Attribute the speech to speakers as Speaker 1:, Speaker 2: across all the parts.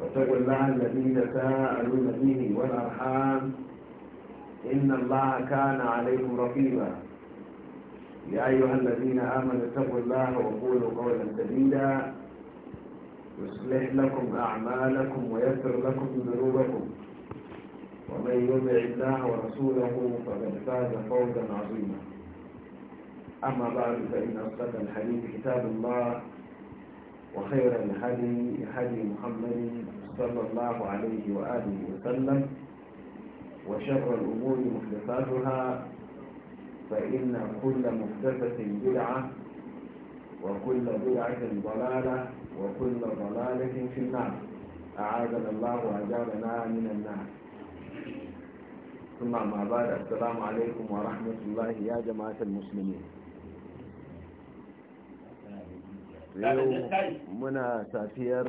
Speaker 1: واتقوا الله الذين تساءلون به والأرحام إن الله كان عليكم رقيبا يا أيها الذين آمنوا اتقوا الله وقولوا قولا سديدا يصلح لكم أعمالكم ويسر لكم ذنوبكم ومن يطع الله ورسوله فقد فاز فوزا عظيما أما بعد فإن أصدق الحديث كتاب الله وخير الهدي هدي محمد صلى الله عليه وآله وسلم وشر الأمور محدثاتها فإن كل محدثة بدعة وكل بدعة ضلالة وكل ضلالة في النار أعاذنا الله وأجارنا من النار ثم ما بعد السلام عليكم ورحمة الله يا جماعة المسلمين yau muna safiyar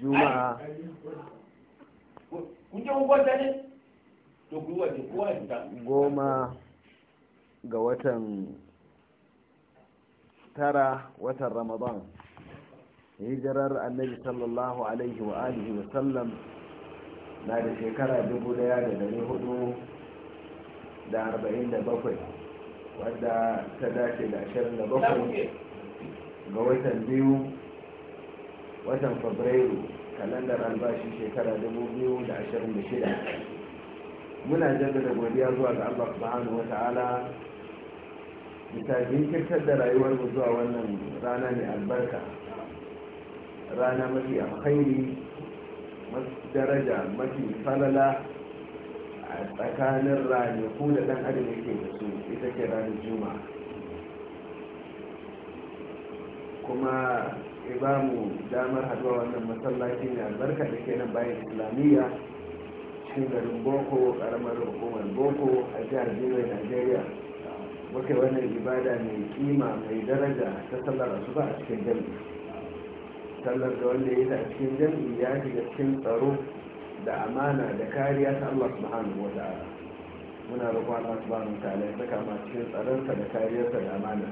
Speaker 1: juma'a goma ga watan tara watan ramadan hijirar annabi sallallahu alaihi wa alihi wa sallam na da shekara dubu daya da dari hudu da arba'in da bakwai wadda ta dace da ashirin da bakwai ga watan biyu watan fabrairu kalandar albashi shekara 2026 muna jaddada godiya zuwa ga allah subhanahu wa ta'ala misalin kirkar da rayuwar mu zuwa wannan rana mai albarka rana mafi alkhairi daraja mafi falala a tsakanin ranaku da dan adam yake da su ita ke ranar juma'a kuma ya ba mu damar haduwa wannan masallaci mai albarka da ke nan bayan islamiyya cikin garin boko karamar hukumar boko a jihar jirgin nigeria muke wannan ibada mai kima mai daraja ta sallar asuba a cikin jami'i sallar da wanda ya yi ta cikin jami'i ya shiga cikin tsaro da amana da kariya ta allah subhanahu wa ta'ala muna roƙon allah subhanahu wa ta'ala ya saka ma cikin tsaronsa da kariyarsa da amana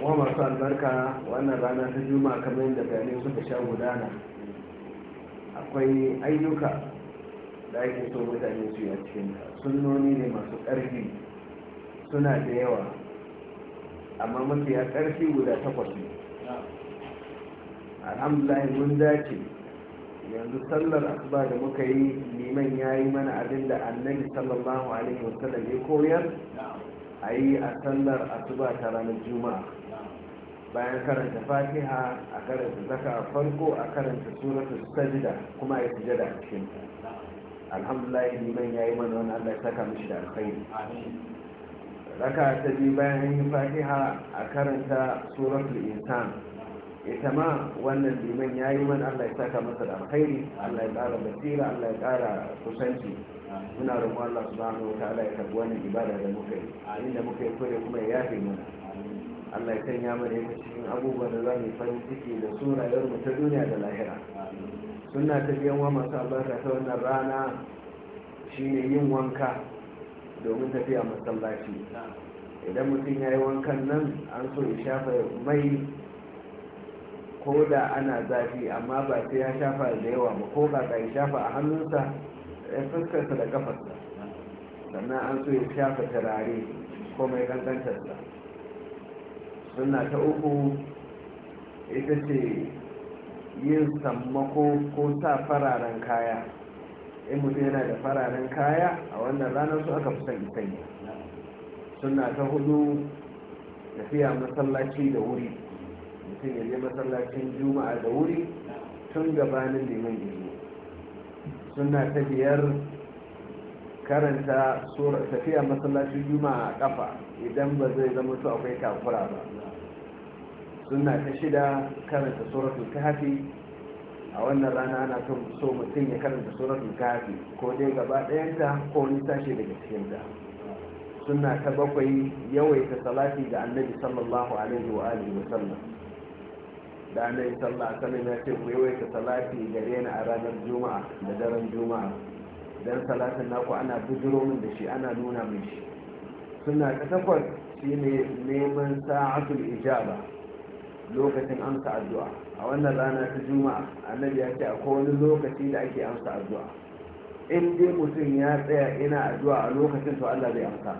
Speaker 1: kuma masu albarka wannan rana ta juma kamar yadda bayanai suka sha gudana akwai ayyuka da ake so mutane su yi a cikin sunnoni ne masu ƙarfi suna da yawa amma ya ƙarfi guda takwas ne alhamdulahi mun dace yanzu sallar asuba da muka yi liman ya yi mana abin da annabi sallallahu alaihi wasallam ya koyar a yi a sallar asuba ta ranar juma'a bayan karanta fatiha a karanta zaka farko a karanta suratul sajda kuma ya sujada da cikin alhamdulillah liman yayi mana wannan Allah ya saka mishi da alkhairi raka ta biyu bayan yin fatiha a karanta suratul insan ita ma wannan liman ya yi mana allah ya saka masa da alkhairi allah ya kara basira allah ya kara kusanci muna roƙon allah subhanahu wa ta'ala ya karbi wannan ibada da muka yi inda muka yi kore kuma ya yafe mana Allah ya sanya mana yake cikin abubuwan da za mu farin ciki da su rayuwar mu ta duniya da lahira suna ta biyan wa masu albarka ta wannan rana shine yin wanka domin tafiya masallaci idan mutum ya yi wankan nan an so ya shafa mai ko da ana zafi amma ba sai ya shafa da yawa ba ko ba ya shafa a hannunsa ya fuskarsa da kafarsa sannan an so ya shafa turare ko mai kankantarsa suna ta uku ita ce yin sammako ko sa fararen kaya in mutum yana da fararen kaya a wannan ranar su aka fi sanyi sanyi suna ta hudu tafiya masallaci da wuri mutum ya je masallacin juma'a da wuri tun gabanin neman gizo suna ta biyar karanta tafiya masallacin juma'a a kafa idan ba zai zama su akwai takura ba suna ta shida karanta suratul kahfi a wannan rana ana so mutum ya karanta suratul kahfi ko dai gaba ɗayanta ko wani sashe daga cikinta suna ta bakwai yawaita salati ga annabi sallallahu alaihi wa alihi wa sallam da annabi sallallahu alaihi wa sallam ya ce ku yawaita salati gare ni a ranar juma'a da daren juma'a dan salatin naku ana bujiro min da shi ana nuna min shi suna ta takwas shi shine neman sa'atul ijaba lokacin amsa addu'a a wannan rana ta juma'a annabi ya ce akwai wani lokaci da ake amsa addu'a in dai mutum ya tsaya ina addu'a a lokacin to Allah zai amsa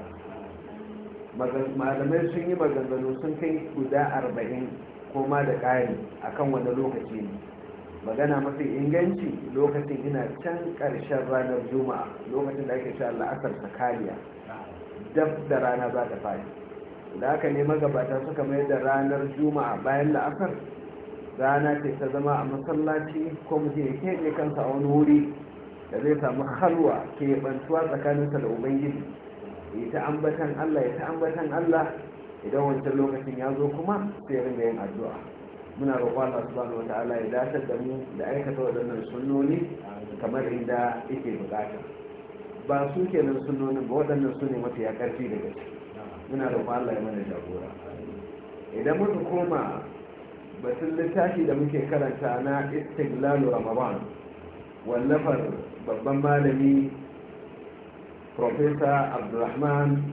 Speaker 1: malamai sun yi maganganu sun kai guda arba'in koma ma da ƙari akan wani lokaci ne magana mafi inganci lokacin ina can ƙarshen ranar juma'a lokacin da ake sha la'asar asar kariya dab da rana za ta fadi da aka ne magabata suka mai da ranar juma'a bayan la'asar rana ce ta zama a masallaci ko mutum ya keɓe kansa a wani wuri da zai samu halwa keɓantuwa tsakaninsa da ubangiji ya ta ambatan allah ya ta ambatan allah idan wancan lokacin ya zo kuma sai ya ringa yin addu'a muna roƙon allah subhanahu wa ta'ala ya datar da mu da aikata waɗannan sunnoni kamar inda yake bukata ba su kenan sunnonin ba waɗannan su ne mafiya ƙarfi da gaske muna da Allah ya mana jagora idan muka koma batun littafi da muke karanta na istiglalu ramadan wallafar babban malami profesa abdulrahman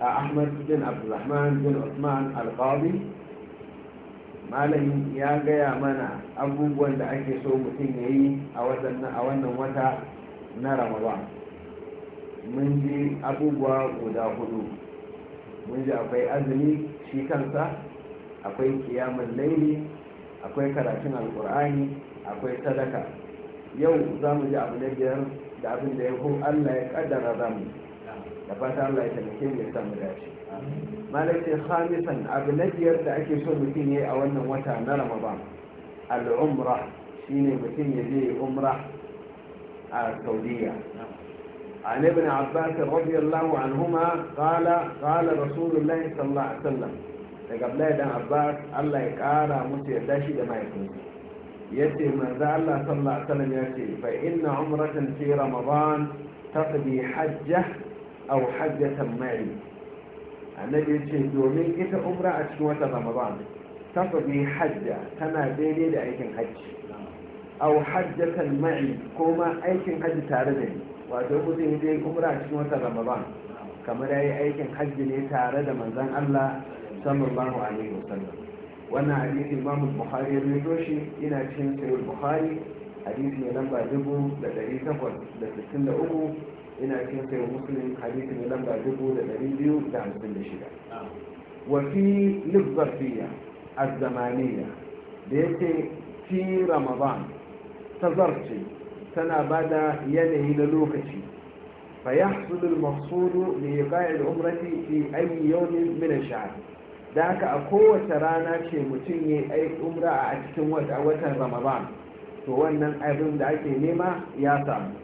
Speaker 1: ahmad bin abdulrahman bin usman alqadi malami ya gaya mana abubuwan da ake so mutum ya yi a wannan wata na ramadan mun ji abubuwa guda hudu mun ji akwai azumi shi kansa akwai kiyamun laili akwai karatun alkur'ani akwai sadaka yau za mu ji abu na biyar da abin da ya ko allah ya kaddara za mu da fata allah ya taimake mu ya samu dace malaikai khamisan abu na biyar da ake so mutum ya yi a wannan wata na ramadan al'umra shine mutum ya je umra a saudiya عن ابن عباس رضي الله عنهما قال قال رسول الله صلى الله عليه وسلم قبل ابن عباس الله يقارى مسي داشي لما يكون يتي ماذا الله صلى الله عليه وسلم يتي فإن عمرة في رمضان تقضي حجة أو حجة معي النبي يتي دومين إذا عمرة أشنوة رمضان تقضي حجة تنا ديني لأيكن حج أو حجة معي كما أيكن حج تاردني wato mutum ya je umra cikin wata ramadan kamar yayi aikin hajji ne tare da manzon Allah sallallahu alaihi wasallam wannan hadisi Imam Bukhari ne rawaito shi yana cikin Sahih Bukhari hadisi ne lamba 1863 ina cikin Sahih Muslim hadisi ne lamba 2256 wa fi lizzafiya az-zamaniyya da yake fi Ramadan tazarci tana ba da yanayi na lokaci fa ya hasudul mahsudu ne ya da umrati fi ayi yawmin min shahr da haka a kowace rana ce mutum ya yi umra a cikin watan ramadan to wannan abin da ake nema ya samu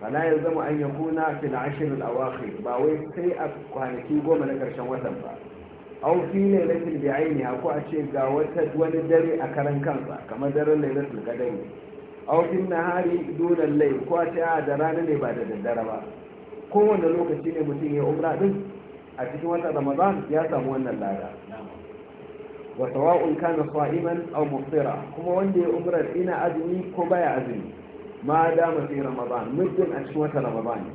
Speaker 1: fala ya zama an yakuna fil ashr al awakhir ba wai sai a kwanaki goma na karshen watan ba aw fi lailatul bi'aini ko a ce ga wata wani dare a karan kansa kamar daren lailatul qadr na nahari dole lai ko a da rana ne ba da daddare ba kowane lokaci ne mutum ya umra din a cikin wata ramadan ya samu wannan lada wa sawa'un kana sa'iman aw muftira kuma wanda ya umrar ina azumi ko baya azumi ma dama fi ramadan mutum a cikin wata ramadan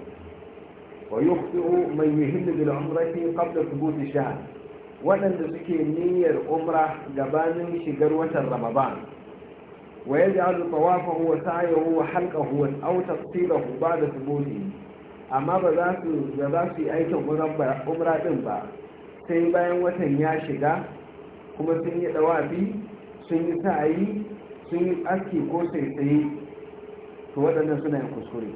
Speaker 1: wa yukhti'u man yuhillu bil umrati qabla thubut shahr wadanda suke niyyar umra gabanin shigar watan ramadan ويجعل طوافه وسعيه وحلقه أو تقصيره بعد ثبوته amma ba za su da za su yi aikin umra din ba sai bayan watan ya shiga kuma sun yi dawabi, sun yi sa'ayi sun yi aski ko sai to waɗannan suna yin kuskure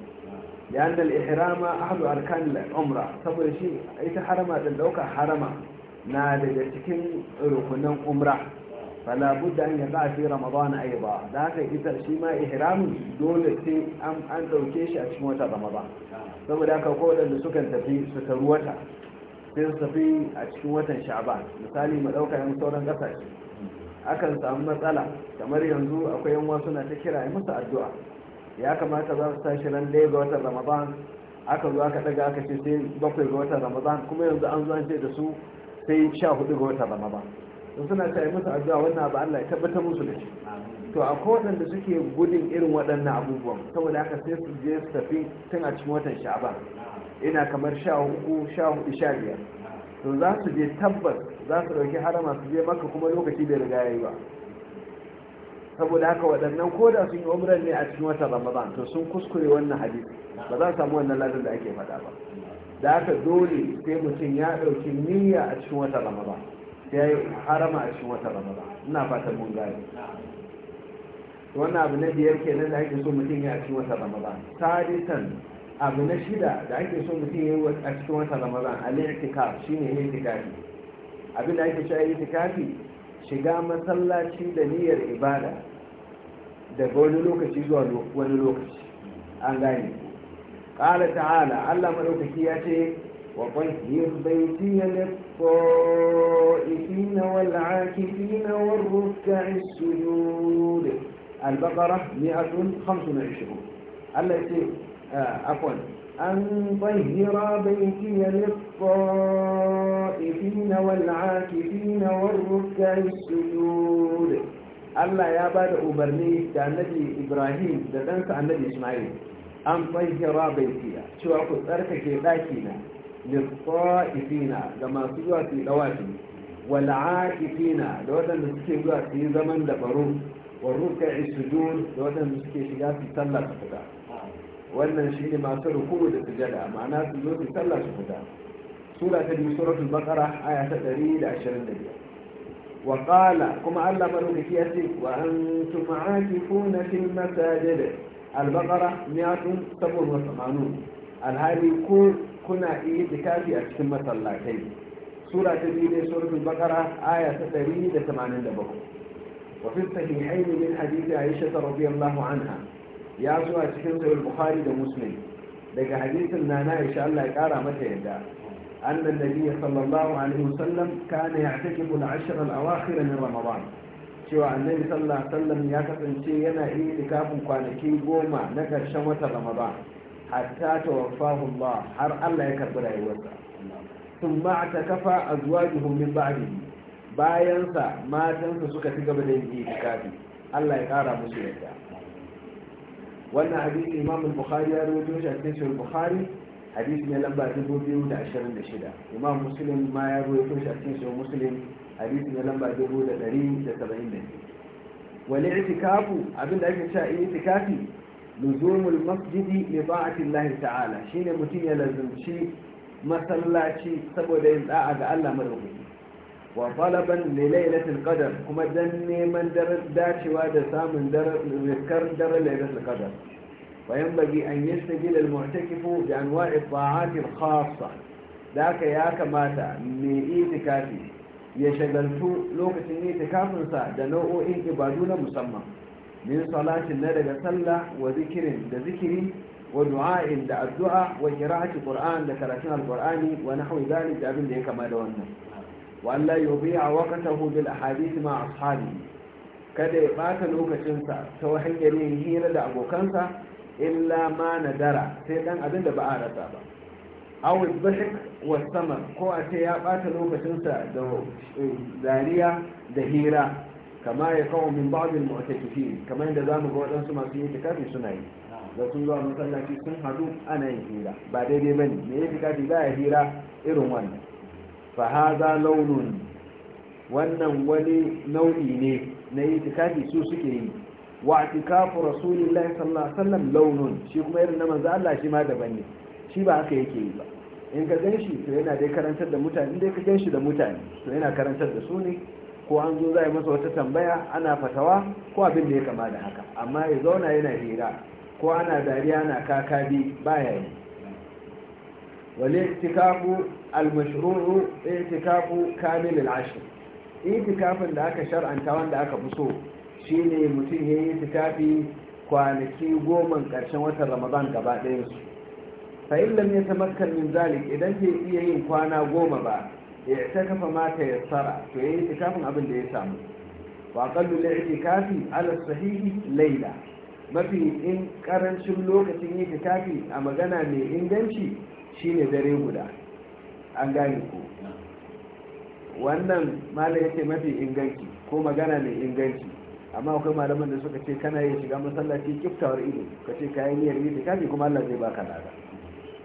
Speaker 1: da an dal ihrama ahadu arkan umra saboda shi ita harama din dauka harama na daga cikin rukunan umra فلا بد أن يقع في رمضان أيضا ذاك إذا شيما إحرام دول في أم أن دوكيش أشموت رمضان ثم ذاك قول أن سكن تفي ستروتا sai su tafi a cikin watan sha'ban misali mu dauka yan sauran ƙasashe akan samu matsala kamar yanzu akwai yan wasu na ta kira yi musu addu'a ya kamata za su tashi ran ɗaya ga watan ramadan aka zo aka ɗaga aka ce sai bakwai ga watan ramadan kuma yanzu an zo an ce da su sai sha hudu ga watan ramadan in suna ta yi musu addu'a wannan abu Allah ya tabbatar musu da shi to akwai wadanda suke gudun irin waɗannan abubuwan saboda haka sai su je su tafi tun a cikin watan sha'aban ina kamar sha hudu sha hudu sha biyar to za su je tabbas za su ɗauki harama su je maka kuma lokaci bai riga ya yi ba saboda haka waɗannan ko da sun yi umrar ne a cikin wata ramadan to sun kuskure wannan hadisi ba za su samu wannan ladan da ake faɗa ba da haka dole sai mutum ya ɗauki niyya a cikin wata ramadan ya yi harama a cikin wata ramadan ina fatan mun gane wannan abu na biyar kenan da ake so mutum ya a cikin wata ramadan taritan abu na shida da ake so mutum ya yi a cikin wata ramadan shi ne shine tikafi abin da ake cewa tikafi shiga masallaci da niyyar ibada daga wani lokaci zuwa wani lokaci an gane qala ta'ala Allah madaukaki ya ce وطهر بيتي للطائفين والعاكفين والركع السجود البقرة 125 التي آه، عفوا أن طهر بيتي للطائفين والعاكفين والركع السجود الله يا بعد أبرني النبي إبراهيم تنسى النبي إسماعيل أن طهر بيتي شو أقول أركك باكينا للصائفين لما سوى في دواتي والعاكفين لوذا نسكي سوى في زمن دبرو والركع السجود لوذا نسكي شجاع في سلة فتا وانا شيء ما سر قوة السجدة معناه سجود في سلة فتا سورة تجي سورة البقرة آية تدريد عشر النبي وقال كما علم ملوك وأنتم عاكفون في المساجد البقرة 187 الهادي كل kuna iya tikafi a cikin masallatai sura ta biyu ne suratul bakara aya ta 187 wa fi sahihaini min hadisi aisha radiyallahu anha ya zuwa cikin sahih bukhari da muslim daga hadisin nana aisha Allah ya kara mata yadda أن النبي صلى الله عليه وسلم كان يعتكف العشر الأواخر من رمضان cewa annabi sallallahu alaihi wasallam ya kasance yana iya likafin kwanaki goma na ƙarshen wata ramadan hatta tawaffahu Allah har Allah ya karbi rayuwarsa a ta thumma atakafa azwajuhum min ba'dihi bayan sa matansa suka ci gaba da yin itikafi Allah ya kara musu yadda wannan hadisi Imam al-Bukhari ya rawaito shi a cikin Bukhari hadisi ne lamba 2226 Imam Muslim ma ya rawaito shi a cikin Muslim hadisi ne lamba 2172 wal i'tikafu abinda ake cewa itikafi ludurin muhajji ne bai a tillahinta ala shine mutum ya lazumci masallaci saboda yin da'a ga allah mara wa wafalaban ne lailacin qadar kuma dan neman daren dacewa da samun wuyakar dare ne da su kadar fahimtar an yi su da gida mawaki ki fo da an ware ya kamata me itikafi ya shagaltu lokacin ita kafinsa da nau'o'in ibadu na musamman. min salatin na daga sallah wa zikirin da zikiri wa du'a'in da addu'a wa qira'ati qur'an da karatun alqur'ani wa nahwi zalik da abin da ya kama da wannan wa Allah yubi'a waqtahu bil ahadith ma ashabi kada ya bata lokacinsa ta hanyar yin hira da abokansa illa ma nadara sai dan abin da ba a rasa ba aw bashik wa samar ko a ce ya bata lokacinsa da dariya da hira kama ya kawo min ba'adin mu'takifi kamar yadda za mu ga waɗansu masu yin tikafi suna yi da sun zuwa masallaci sun hadu ana yin hira ba daidai ba ne. me yi tikafi za a hira irin wannan fa hadha launun wannan wani nau'i ne na yi tikafi su suke yi wa tikafu rasulillahi sallallahu alaihi wasallam launun shi kuma irin na manzo Allah shi ma daban ne shi ba haka yake yi ba in ka gan shi to yana dai karantar da mutane In dai ka gan shi da mutane to yana karantar da su ne ko an zo za a yi masa wata tambaya ana fatawa ko abin da ya kama da haka amma ya zauna yana hira ko ana dariya ana kakabi baya yi wale itikafu almashru'u itikafu kamil al'ashir itikafin da aka shar'anta wanda aka fi so shine mutum ya yi itikafi kwanaki goma karshen watan Ramadan gaba ɗayan su fa in lam min zalik idan bai iya yin kwana goma ba mata ya tayassara to yi itikafin abin da ya samu wa qallu li'tikafi ala sahihi layla mafi in karancin lokacin yin itikafi a magana mai inganci shine dare guda an gane ku wannan malam yake mafi inganci ko magana mai inganci amma akwai malaman da suka ce kana yin shiga masallaci kiftawar ido ka ce kayan niyyar itikafi kuma Allah zai baka lada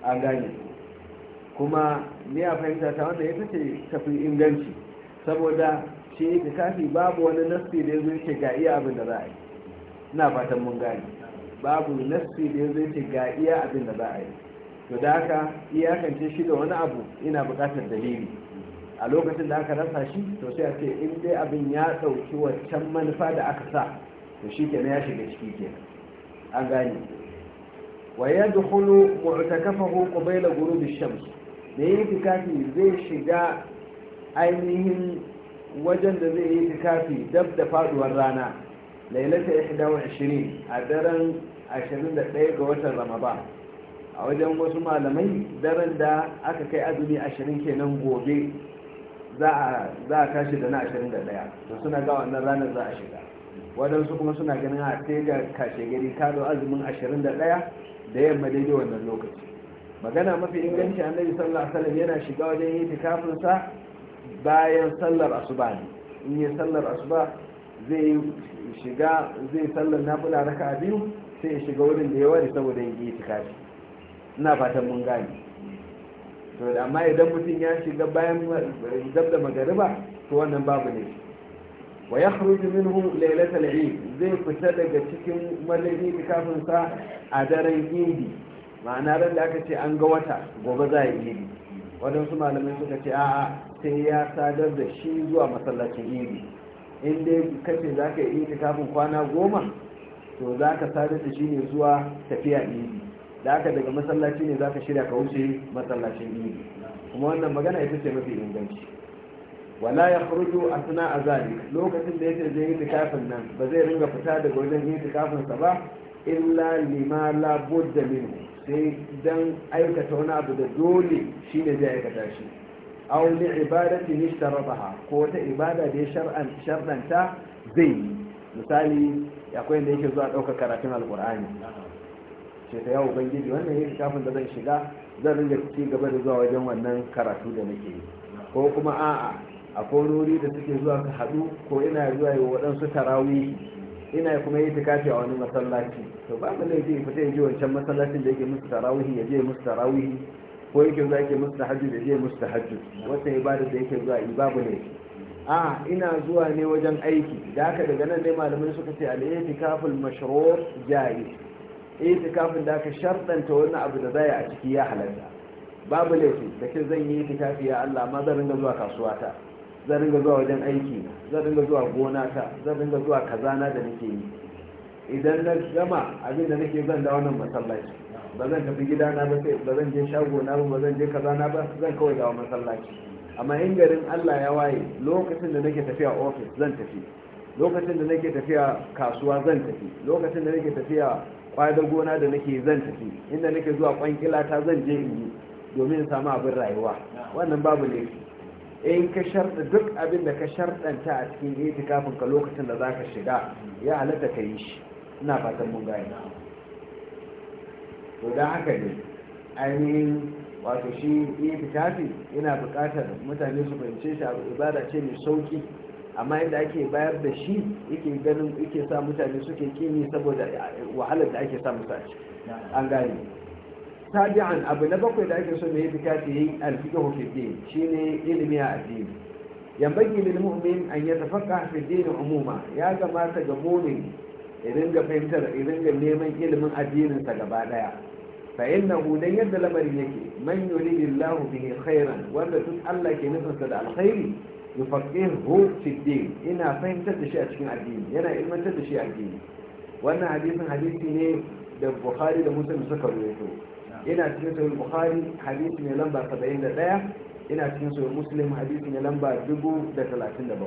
Speaker 1: an gane kuma ni a fahimta ta wanda ita ce tafi inganci saboda shi kafi babu wani nassi da yazo yake ga iya abin da za a yi ina fatan mun gane babu nassi da yazo yake ga iya abin da za a yi to da haka iyakance shi da wani abu ina buƙatar dalili a lokacin da aka rasa shi to sai a ce in dai abin ya ɗauki waccan manufa da aka sa to shi kenan ya shiga ciki kenan an gane wa yadkhulu mu'takafahu qabila ghurub ash-shams da yi tikafi zai shiga ainihin wajen da zai yi tikafi dab da faduwar rana lailata ashirin a daren 21 ga watan ramaba a wajen wasu malamai daren da aka kai azumi 20 kenan gobe za a tashi da na 21 da suna ga wannan ranar za a shiga waɗansu kuma suna ganin a tega kashe gari kado azumin 21 da yamma daidai wannan lokaci magana mafi inganci annabi sallallahu alaihi wasallam yana shiga wajen yin tikafin sa bayan sallar asuba ne in yi sallar asuba zai shiga zai sallar nafila raka'a biyu sai ya shiga wurin da ya ware saboda yin tikafi ina fatan mun gane to amma idan mutum ya shiga bayan dab da magariba to wannan babu ne wa ya khruju minhu lailatul eid zai fita daga cikin mallin tikafin sa a daren idi ma'ana ran da aka ce an ga wata gobe za a yi waɗansu malamai suka ce a'a sai ya sadar da shi zuwa masallacin iri in dai kace za ka yi kafin kwana goma to za ka sadar da shi ne zuwa tafiya iri da aka daga masallaci ne za ka shirya ka wuce masallacin iri kuma wannan magana ita ce mafi inganci wala ya furdu a suna a zari lokacin da yake zai yi kafin nan ba zai ringa fita daga wajen yi kafin sa ba illa lima la da sai dan aikata wani abu da dole shi ne zai aikata shi aw li ibadati nishtarabaha ko wata ibada da ya shar'an shar'anta zai yi misali akwai inda yake zuwa ɗaukar karatun alkur'ani ce ta yawo ubangiji wannan yake kafin da zan shiga zan ringa ci gaba da zuwa wajen wannan karatu da nake yi ko kuma a'a a wuri da suke zuwa ka haɗu ko ina zuwa yi waɗansu tarawihi ina kuma yi tikafi a wani masallaci to ba mu laifi fita yaje wancan masallacin da yake musu tarawihi ya je musu tarawihi ko yake zuwa yake musu tahajjud ya je musu tahajjud wata ibada da yake zuwa babu ne a ina zuwa ne wajen aiki da haka daga nan dai malamai suka ce al-itikaful mashrur jaiz itikafin da aka sharɗanta wani abu da zai a ciki ya halatta babu laifi da ke zan yi itikafi ya Allah ma zan ringa zuwa kasuwata zan dinga zuwa wajen aiki zan dinga zuwa gona ta zan dinga zuwa kazana da nake yi idan na gama abin da nake zan dawo nan masallaci ba zan tafi gida na ba sai ba zan je shago na ba ba zan je kazana ba zan kawai dawo masallaci amma in garin Allah ya waye lokacin da nake tafiya office zan tafi lokacin da nake tafiya kasuwa zan tafi lokacin da nake tafiya kwada gona da nake zan tafi inda nake zuwa kwankila ta zan je in yi domin samu abin rayuwa wannan babu ne. in ka sharɗa duk abin da ka sharɗanta a cikin kafin ka lokacin da za ka shiga ya halatta ka yi shi ina fatan mun gane to don haka ne ainihin wato shi kafin yana buƙatar mutane su fahimce shi abu ibada ce mai sauki amma yadda ake bayar da shi yake ganin yake sa mutane suke kini saboda wahalar da ake samu sa an gane tabi'an abu na bakwai da ake so mai fita ta yi alfiqhu fi din shine ilimi a addini yambagi lil mu'min an yatafaqqa fi umuma ya kamata ga mu'min irin ga fahimtar irin ga neman ilimin addinin sa gaba daya fa innahu dan yadda lamarin yake man yuridillahu bihi khairan wanda duk Allah ke nufinsa da alkhairi yufaqihu fi din ina fahimtar da shi a cikin addini yana ilmantar da shi addini wannan hadisin hadisi ne da Bukhari da Muslim suka rawaito ina cikin sahih bukhari hadisi ne lamba 71 ina cikin sahih muslim hadisi ne lamba 1037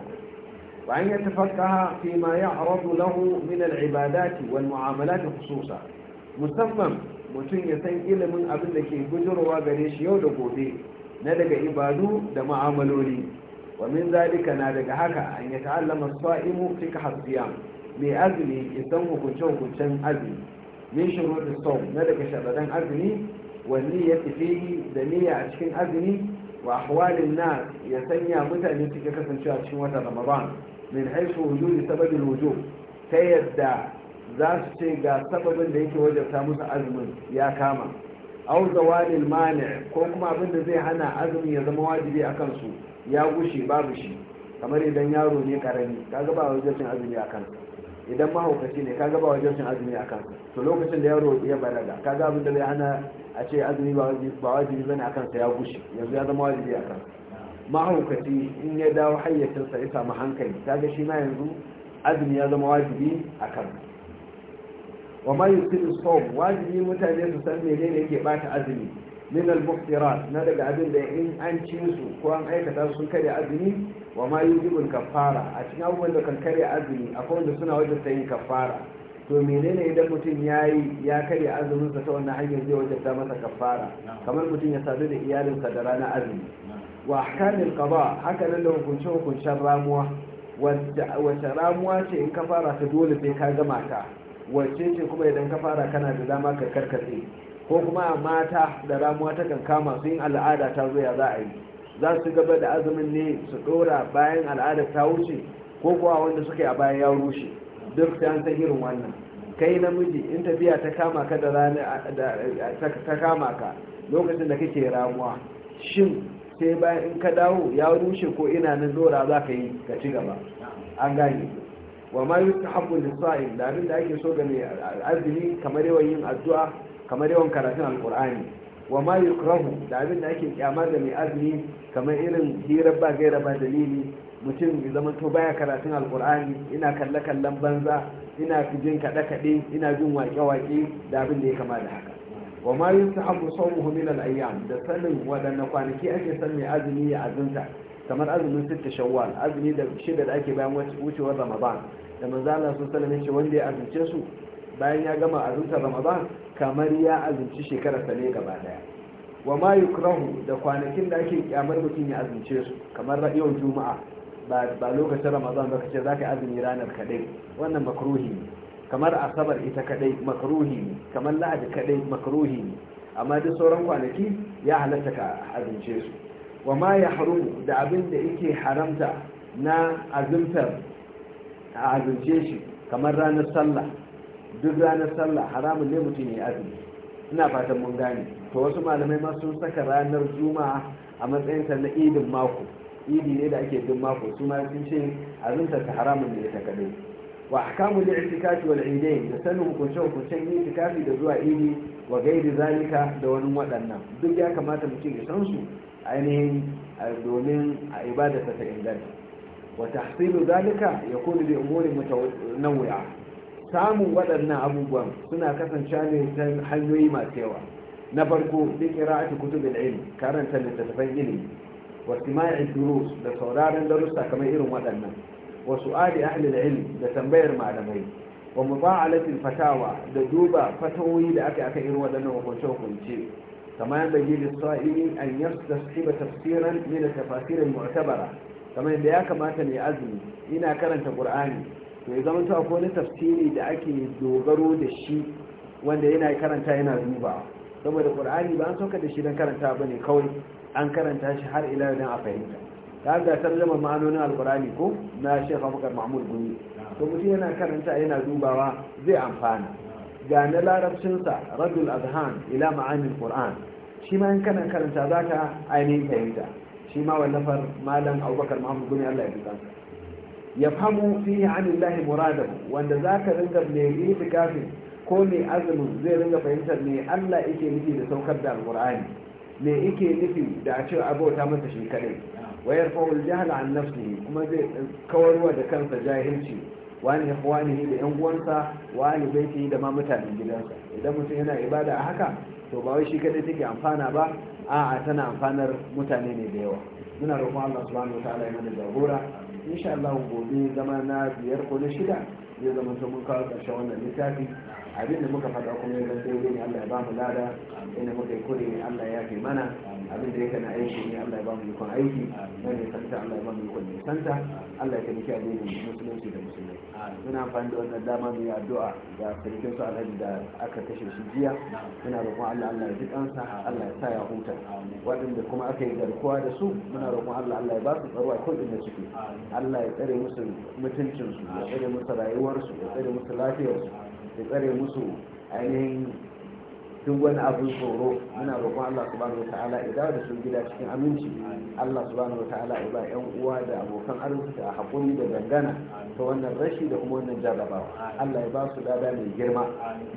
Speaker 1: wa an yatafaqqaha fi ma ya'radu lahu min al ibadat wal mu'amalat khususa musamman mutum ya san ilimin abin da ke gujurwa gare shi yau da gobe na daga ibadu da ma'amaloli wa min zalika na daga haka an ya ta'allama sa'imu fi ka mai azumi ya san hukunce-hukuncen azumi min shururi saum na daga sharadan azumi wani ya fiye da niyya a cikin azumi wa ahwalin na ya sanya mutane suke kasancewa cikin watan ramadan min haisu wujudi sababin wujub ta yadda za su ce ga sababin da yake wajabta musu azumin ya kama au zawalil mani ko kuma abin da zai hana azumin ya zama wajibi a kansu ya gushe babu shi kamar idan yaro ne karami kaga ba wajabcin azumi a kansa idan mahaukaci ne kaga ba wajen azumi a kansa to lokacin da yaro ya balaga kaga abin da bai hana a ce azumi ba wajibi bane a kansa ya gushi yanzu ya zama wajibi a kansa mahaukaci in ya dawo hayyacinsa ya samu hankali kaga shi ma yanzu azumi ya zama wajibi a kansa wa ma sawm wajibi mutane su san ne yake bata azumi min al-muftirat na daga abin da in an ci su ko an aikata su kare azumi wa ma yujibul kafara a cikin abubuwan da kan karya azumi akwai wanda suna wajen sayin kafara to menene idan mutum ya yi ya karya azumin sa ta wannan hanyar zai wajen ta masa kafara kamar mutum ya sadu da iyalinsa da ranar azumi wa ahkamil kaba haka nan da hukunce hukuncen ramuwa wacce ramuwa ce in ka fara ta dole sai ka gama ta wacce ce kuma idan kafara kana da dama ka karkace ko kuma mata da ramuwa ta kan kama su yin al'ada ta zo ya za a yi za su gaba da azumin ne su dora bayan al'ada ta wuce ko kuwa wanda suka yi a bayan ya rushe duk ta san irin wannan kai namiji in tafiya ta kama ka da rana ta kama ka lokacin da kake ramuwa shin sai bayan in ka dawo ya rushe ko ina nan dora za ka yi ka ci gaba an gane wa ma yi ta habbun lissa'in da abin da ake so ga mai azumi kamar yawan yin addu'a kamar yawan karatun alkur'ani wa ma yukrahu da abin da ake kyama da mai azumi kamar irin hirar ba gaira ba dalili mutum ya zama to baya karatun alkur'ani ina kalle kallon banza ina jin kaɗe kaɗe ina jin waƙe waƙe da abin da ya kama da haka wa ma abu sawmuhu min al-ayyam da sanin wadanna kwanaki ake san mai azumi ya azunta kamar azumin sitta shawwal azumi da shida da ake bayan wucewar ramadan da manzala sun sallallahu alaihi wasallam ce wanda ya azunce su bayan ya gama azumtar ramadan kamar ya azumci shekarar sa ne gaba daya wa ma yukrahu da kwanakin da ake kyamar mutum ya azumce su kamar yau juma'a ba lokacin ramadan ba kace zaka azumi ranar kadai wannan makruhi ne kamar asabar ita kadai makruhi ne kamar lahadi kadai makruhi ne amma duk sauran kwanaki ya halatta ka azumce su wa ma da abin da yake haramta na azumtar a azumce shi kamar ranar sallah duk ranar sallah haramun ne mutum ya azumi ina fatan mun gane to wasu malamai ma sun saka ranar juma'a a matsayin ta na idin mako idi ne da ake din mako su ma sun ce azumta ta haramun ne ta kadai wa ahkamu li itikafi wal idain da sanin hukunce hukuncen itikafi da zuwa idi wa gairi zalika da wani waɗannan duk ya kamata mutum ya san su ainihin domin a ibada ta inganta wa tahsilu zalika yakunu bi umuri mutawwi'a samun waɗannan abubuwan suna kasancewa ne ta hanyoyi masu yawa na farko duk qira'atu kutubil ilm karanta littattafan ilimi wa istima'i durus da sauraron darussa kamar irin waɗannan wa su'ali ahli ilm da tambayar malamai wa mufa'alati fatawa da duba fatawoyi da aka aka irin waɗannan hukunce hukunce كما ينبغي للصائم أن tafsiran, تفسيرا من التفاسير المعتبرة yadda ya kamata تني azumi, ina karanta قرآني to ya zama akwai wani tafsiri da ake dogaro da shi wanda yana karanta yana duba saboda qur'ani ba an sauka da shi don karanta ba ne kawai an karanta shi har ila dan a fahimta ta ga tarjama ma'anonin alqur'ani ko na shekh abubakar mahmud gumi to mutum yana karanta yana dubawa zai amfana ga na larabcinsa radul azhan ila ma'anin qur'an shi ma in kana karanta zaka ainihin fahimta shi ma wallafar malam abubakar mahmud gumi allah ya dukansa ya famu fihi lahi muradahu wanda za ka ringa mai itikafin ko mai azumin zai ringa fahimtar me Allah yake nufi da saukar da alkur'ani me yake nufi da a ce abota masa shi kadai wayar fawul al an nafsihi kuma zai kawarwa da kansa jahilci wani ikhwanihi da yan uwansa wani baitihi da ma mutanen gidansa idan mutum yana ibada a haka to ba wai shi kadai take amfana ba a'a tana amfanar mutane ne da yawa muna roƙon Allah subhanahu wa ta'ala ya mana jagora insha Allah gobe zama na biyar ko na shida zai zama sun mun kawo ƙarshen wannan littafi abin da muka faɗa kuma ya zama ne Allah ya ba mu lada inda muka yi kure Allah ya fi mana abin da yake na aiki ne Allah ya ba mu ikon aiki amin ne santa Allah ya ba mu ikon ne santa Allah ya taimaki addinin musulunci da musulmai muna amfani da wannan dama mu yi addu'a ga sarkin su Allah da aka kashe shi jiya muna roƙon Allah Allah ya ji kansa Allah ya sa ya huta waɗanda kuma aka yi garkuwa da su muna roƙon Allah Allah ya ba su tsaro a kullum da suke Allah ya tsare musu mutuncin su ya tsare musu rayuwar su ya tsare musu lafiyar su ya tsare musu ainihin duk wani abin tsoro muna roƙon Allah subhanahu wataala ya dawo da su gida cikin aminci Allah subhanahu wataala ya ba ƴan uwa da abokan arziki a hakuri da dangana ta wannan rashi da kuma wannan jarrabawa Allah ya ba su dada mai girma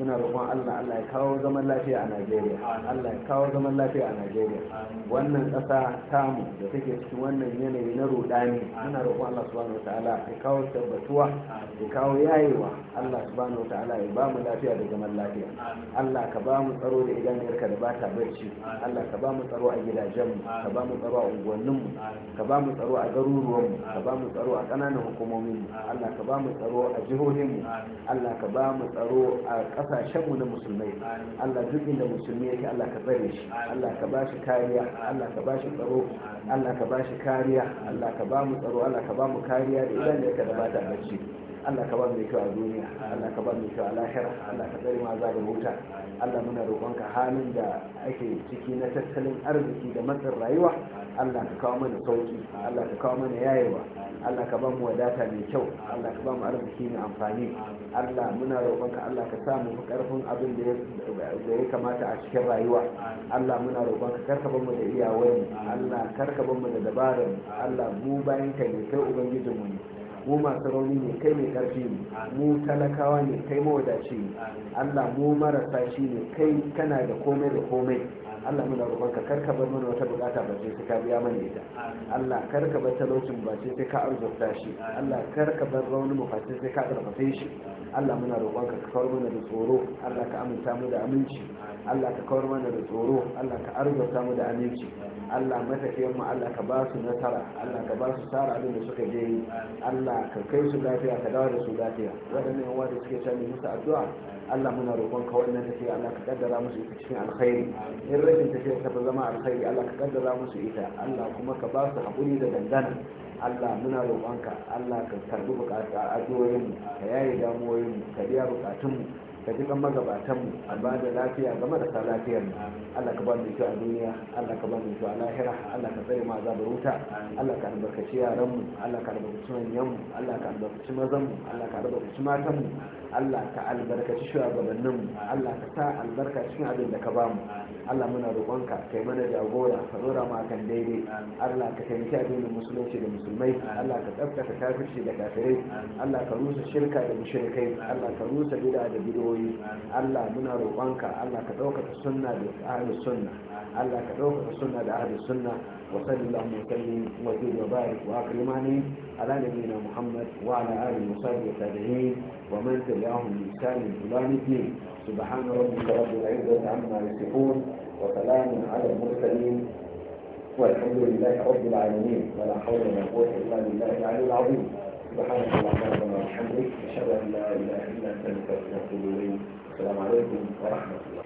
Speaker 1: muna roƙon Allah Allah ya kawo zaman lafiya a Najeriya Allah ya kawo zaman lafiya a Najeriya wannan ƙasa tamu da take cikin wannan yanayi na rudani muna roƙon Allah subhanahu wataala ya kawo tabbatuwa ya kawo yayewa Allah subhanahu wataala ya ba mu lafiya da zaman lafiya Allah ka ba mu tsaro da idaniyarka da ba ta barci Allah ka ba mu tsaro a gidajenmu ka ba mu tsaro a unguwanninmu ka ba mu tsaro a garuruwanmu ka ba mu tsaro a ƙananan hukumominmu Allah ka ba mu tsaro a jihohinmu Allah ka ba mu tsaro a ƙasashenmu na musulmai Allah duk inda musulmi yake Allah ka tsare shi Allah ka ba shi kariya Allah ka ba shi tsaro Allah ka ba shi kariya Allah ka ba mu tsaro Allah ka ba mu kariya da idan idaniyarka da ba ta barci Allah ka ba mu kyau a duniya Allah ka ba mu kyau a lahira Allah ka tsare maza da mota Allah muna roƙonka halin da ake ciki na tattalin arziki da matsin rayuwa Allah ka kawo mana sauki Allah ka kawo mana yayewa Allah ka ba mu wadata mai kyau Allah ka ba mu arziki mai amfani Allah muna roƙonka Allah ka sa mu karfin abin da ya kamata a cikin rayuwa Allah muna roƙonka karka ba mu da iyawan Allah karka ba mu da dabarar Allah mu bayan ka ne kai ubangijinmu ne mu masu rauni ne kai mai ƙarfi ne mu talakawa ne kai mawadaci ne allah mu marasa shi ne kai kana da komai da komai Allah muna roƙonka kar ka bar mana wata bukata ba sai ka biya mana ita Allah kar ka bar talaucin ba sai ka arzuta shi Allah kar ka bar rauni mu fatin sai ka karfafe shi Allah muna roƙonka ka kawar mana da tsoro Allah ka aminta mu da aminci Allah ka kawar mana da tsoro Allah ka arzuta mu da aminci Allah matafiyan mu Allah ka ba su nasara Allah ka ba su tsara abin da suka je yi. Allah ka kai su lafiya ka dawo da su lafiya waɗannan yawa da suke sani musu addu'a Allah muna roƙon ka wannan tafiya Allah ka kaddara musu ita cikin alkhairi in rashin tafiya ta zama alkhairi Allah ka kaddara musu ita Allah kuma ka ba su haƙuri da dangana Allah muna roƙon ka Allah ka karbi bukatu a addu'o'in ka yaye damuwoyin mu ka biya bukatun mu ka ji kan magabatanmu alba da lafiya ga marasa lafiyar mu. Allah ka ba mu a duniya Allah ka ba mu a lahira Allah ka tsare mu da wuta Allah ka albarkaci yaranmu Allah ka albarkaci manyanmu Allah ka albarkaci mazanmu Allah ka albarkaci matanmu Allah ka albarkaci shugabanninmu Allah ka sa albarka cikin abin da ka ba mu Allah muna roƙonka kai mana jagora ka dora mu akan daidai Allah ka taimaki addinin musulunci da musulmai Allah ka tsaftace kafirci da kafirai Allah ka rusa shirka da mushrikai Allah ka rusa bid'a da bid'o bidiyoyi Allah muna roƙonka Allah ka ɗaukata sunna da ahlus sunna Allah ka ɗaukaka sunna da ahlus sunna wa sallallahu wa sallim wa zid wa barik wa akrimani ala nabiyyina Muhammad wa ala alihi wa sahbihi tabi'in wa man tabi'ahum bi ihsan ila yawm سبحان ربك رب العزة عما يصفون وسلام على المرسلين والحمد لله رب العالمين ولا حول ولا قوة إلا بالله العلي العظيم سبحانك اللهم وبحمدك أشهد أن لا إله إلا أنت نستغفرك ونتوب إليك
Speaker 2: السلام عليكم ورحمة الله